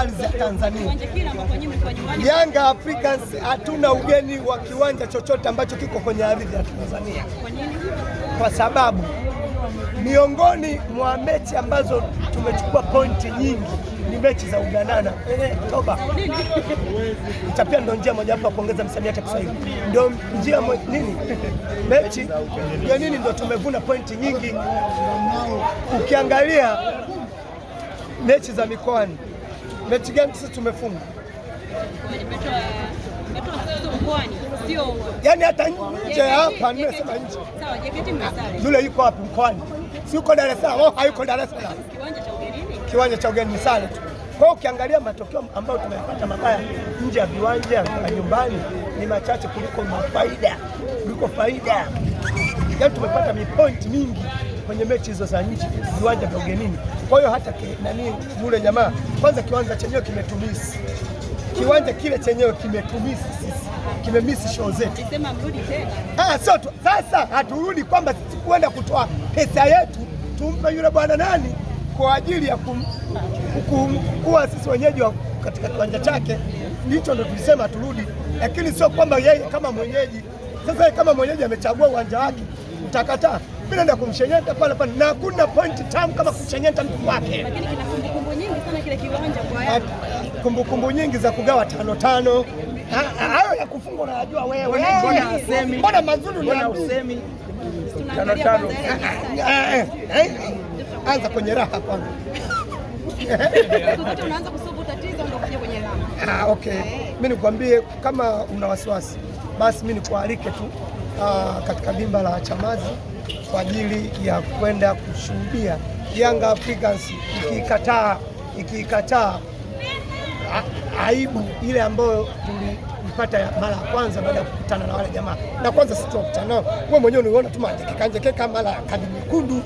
ardhi ya Tanzania. Yanga Africans hatuna ugeni wa kiwanja chochote ambacho kiko kwenye ardhi ya Tanzania, kwa sababu miongoni mwa mechi ambazo tumechukua pointi nyingi ni mechi za uganana eh, toba utapia ndo njia mojawapo ya kuongeza msamiati Kiswahili ndo njia mo, nini mechi ya nini ndo tumevuna pointi nyingi. Ukiangalia mechi za mikoani mechi gani sisi tumefunga? Yaani hata nje hapa nimesema nje. Yule yuko wapi mkoani? Si yuko Dar es Salaam, oh, hayuko Dar es Salaam. Kiwanja cha ugeni sana tu. Kwa hiyo ukiangalia matokeo ambayo tumepata mabaya nje ya viwanja na nyumbani ni machache kuliko mafaida kuliko faida. Yaani tumepata mipointi mingi kwenye mechi hizo za nchi viwanja vya ugenini. Kwa hiyo hata nani mule jamaa, kwanza kiwanja chenyewe kimetumisi, kiwanja kile chenyewe kimetumisi sisi, kimemisi show zetu. Ah, sio tu sasa, haturudi kwamba sisi kuenda kutoa pesa yetu tumpe yule bwana nani kwa ajili ya kuwa sisi wenyeji katika kiwanja chake. Hicho ndo tulisema turudi, lakini sio kwamba yeye kama mwenyeji. Sasa kama mwenyeji amechagua uwanja wake, utakataa mimi naenda kumshenyeta pale pale, na hakuna point tamu kama kumshenyeta mtu wake. Ah, kumbukumbu nyingi za kugawa tano tano, hayo ya kufunga unayajua wewe. Mbona mazuri tano tano? Ah, ah, eh, eh, eh. Anza kwenye raha kwanza. Ah, okay. Mimi nikwambie kama una wasiwasi basi mimi nikualike tu katika dimba la Chamazi kwa ajili ya kwenda kushuhudia Young Africans ikiikataa ikikataa aibu ile ambayo tulipata mara ya kwanza baada ya kukutana na wale jamaa. Na kwanza sitokutana nao, wewe mwenyewe uliona tu majekeka njekeka, mara kadi nyekundu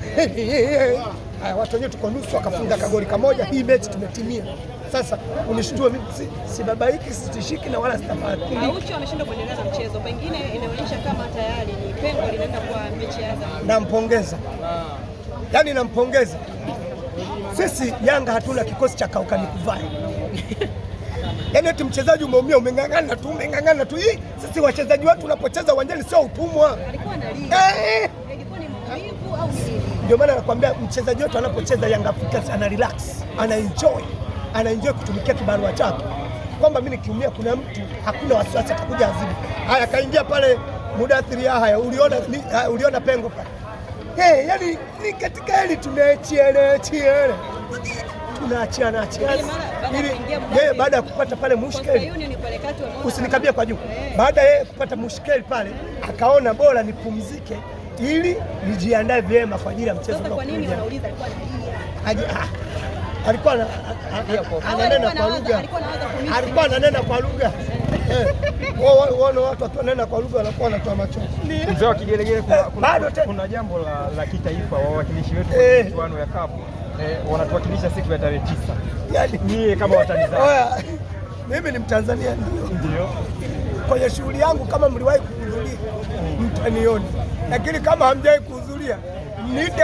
watu wenyewe tuko nusu, akafunga kagoli kamoja, hii mechi tumetimia. Sasa unishtue mimi, sibabaiki, sitishiki na wala sitafaa. Aucho ameshindwa kuendeleza mchezo, pengine inaonyesha kama tayari pengo linaenda kwa mechi ya Azam. Nampongeza, ah. yaani nampongeza. Sisi Yanga hatuna kikosi cha kaukani kuvaa yaani eti mchezaji umeumia, umeng'ang'ana tu, umeng'ang'ana tu. Hii sisi wachezaji wetu unapocheza uwanjani sio utumwa, eh. ndio maana nakwambia mchezaji wetu anapocheza Yanga Africans ana relax, ana enjoy, ana enjoy kutumikia kibarua chake, kwamba mimi nikiumia kuna mtu, hakuna wasiwasi atakuja azidi. Haya, kaingia pale muda Mudathiri haya, uliona ni, uh, uliona pengo pale hey, yani ni katika hili achiana tunaachiana achiana ili yeye baada ya kupata pale mushkeli, usinikabia kwa juu. Baada ya kupata mushkeli pale, akaona bora nipumzike ili nijiandae vyema kwa ajili ya mchezo. Kwa nini unauliza? Ah, ah, ah, alikuwa ananena kwa lugha, alikuwa ananena kwa lugha uone watu wakinena kwa lugha wanakuwa wanatoa machozi. Mzee wa kigelegele, kuna eh, jambo la kitaifa, wawakilishi wetu eh. kwenye michuano ya kapu eh, wanatuwakilisha siku ya tarehe tisa. Yaani kama Watanzania, mimi ni Mtanzania ndio kwenye shughuli yangu, kama mliwahi kuhudhuria mm. mtanioni, lakini kama hamjawahi kuhudhuria nite